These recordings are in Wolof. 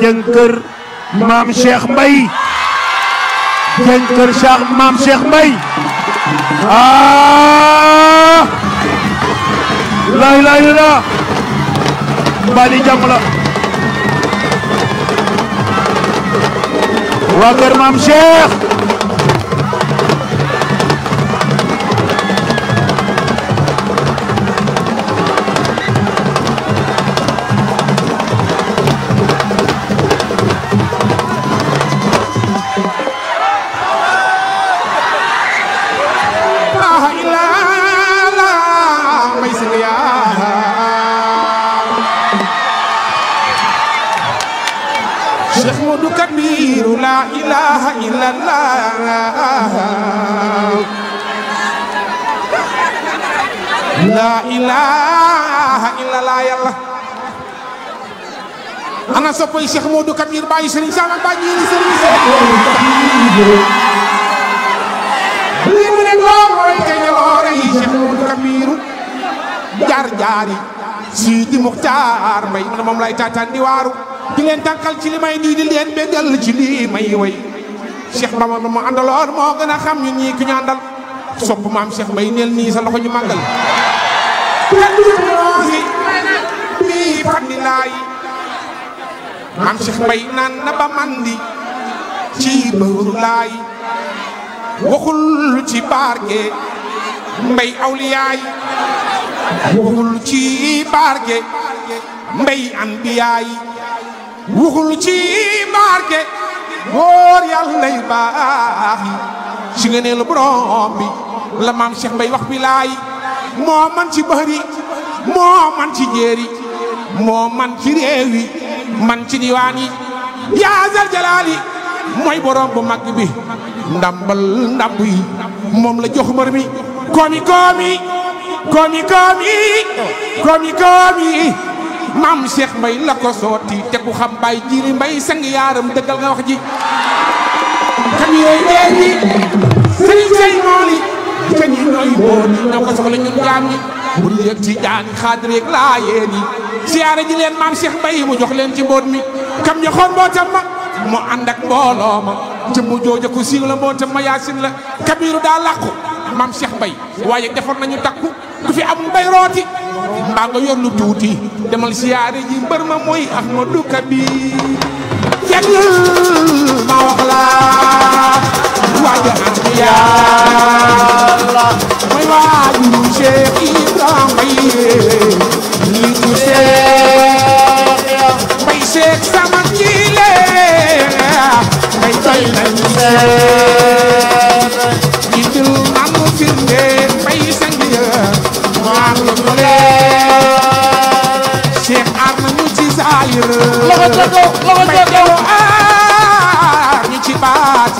jënkër maam Cheikh Mbay jënkër Cheikh maam Cheikh Mbay ah lay lay la bali jàmm la waa kër maam Cheikh Cheikh Modou Kabiru laa ilaaha illallah ana soppay Cheikh Modou Kabir bàyyi Serigne Sall bàyyi ñii nii Serigne Sall. lii mu ne loo mooy te ñaloore yi Cheikh Modou Kabir moom lay taataan di waaru. di leen tànkal ci li may di leen béggal ci lii way Cheikh Bamba ma àndaloon moo gën a xam ñun ñii ku ñu àndal sopp maam Cheikh bay neel nii sa loxo ñu màggal si mii fandi laay maam Cheikh naan na ba mandi ci bëru laay waxul ci barke mbay awliyaay waxul ci barke mbay anbiyaay waxul ci barke góor yàlla lay baax yi si nga ne lu borom bi la maam Cheikh Mbay wax bi laay moo man ci bëri moo man ci jéeri moo man ci réew yi man ci diwaan yi yaa zal jalaali mooy borom bu mag bi ndambal ndamb yi moom la jox mbër mi koomi koomi koomi koomi koomi koomi maam Cheikh Mbay la ko sooti te ku xam bay jiri mbay sang yaaram dëggal nga wax ji kam yooyu dee ñi sëñ sëñ mooli te ñi ñooy booni ñoo ko soxla ñun jaam ñi bu ñu yëg ci jaani xaadir yeeg laa yi siyaare ji leen maam Cheikh Mbay mu jox leen ci mboot mi kam ña xoon mbootam ma mu ànd ak mbooloo ma jëmm jooja ku siiw la mbootam ma yaasin la kabiru daa làqu maam Cheikh Mbay waaye defar nañu takku ku fi am mbay rooti mbaa nga yor lu tuuti demal siyaare ji mbër ma mooy Ahmadou Kabir jagil ma wax la waaja am yàlla mooy waajuru Cheikh Ibrahima yi tu Cheikh bay Cheikh sama jile bay bay nañ loxo ca kaw loxo ca kaw ah ñi ci baat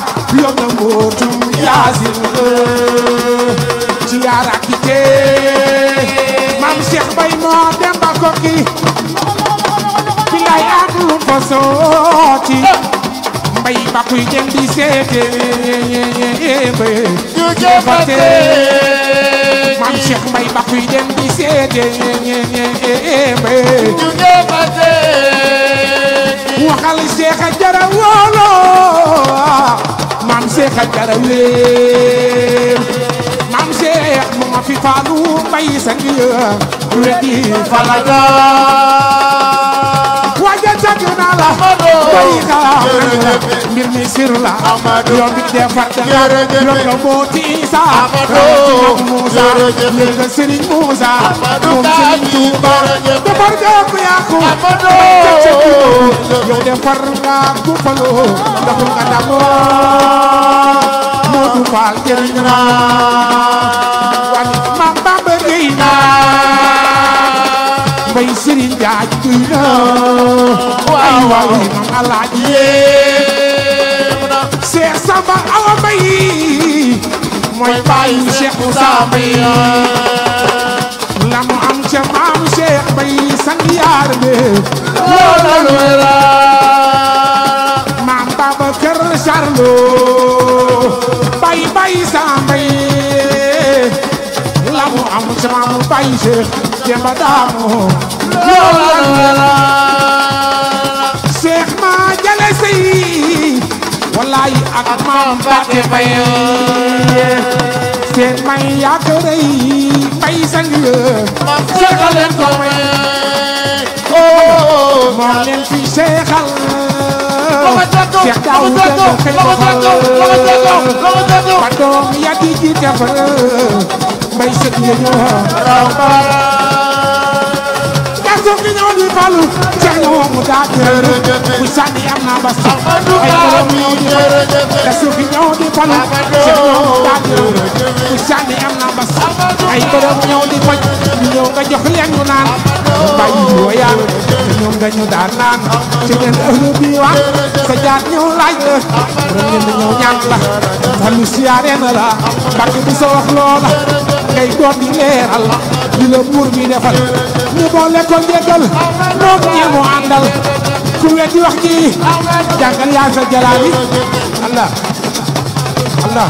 yom na mbootum yaasin ci yaara ki tee maam Cheikh Bay moo dem ba kokki ci lay àndul ko sooti mbay ba kuy jëm di seete mbay maam Cheikh Bay ba kuy jëm di seete mbay Seex Jara woolo maam Seex Jara wéer maam Seex mu ma fi faalu mbay sa ngi weddi falaga waja tagg na la mbay mbir mi sir la Amadou yow it defar defar yow nga mooti Isa Amadou Moussa yow nga Serigne Moussa moom Serigne Touba defar nga ku yàqu Amadou yow defar nga ku faloo ndax nga damoo Modou Fall jëriñ na wàllu maam Bamba géy na mbay Serigne Jaaj duy na ay waay maam Alaaji Samba Awa Mbaye mooy bàyyi Cheikh Moussa Mbaye la mu am ca maam Cheikh Mbaye sang yaar be loolu la wéra maam Babacar Charlo bàyyi bàyyi Samba Mbaye la mu am ca maam bàyyi Cheikh Jemba Daamu loolu la wéra Mbàkke Bayo seen may yàgg rëy bay sang la seexal leen ko may oo moo leen fi seexal seex daawuda ko kay doxal ba doom ya di ji defar mbay sëg ya ñu raw jëf ni ñoo di falu jeex na woo mu daa jërëjëf bu sànni am naa ba sax ay borom ñoo di falu la suuf ñoo di falu jeex na woo mu daa jërëjëf bu sànni am naa ba sax ay borom ñu ñëw nga ñoom dañu daan naan ci leen ëllëg bi wax sa jaar ñëw laaj la borom ñëw ñaan la falu siyaare na la loola ngay doon di leeral di la buur bi defal mu boole ko njëgal moom ñee mu àndal ku weddi wax ji jàngal yaa sa jalaali allah allah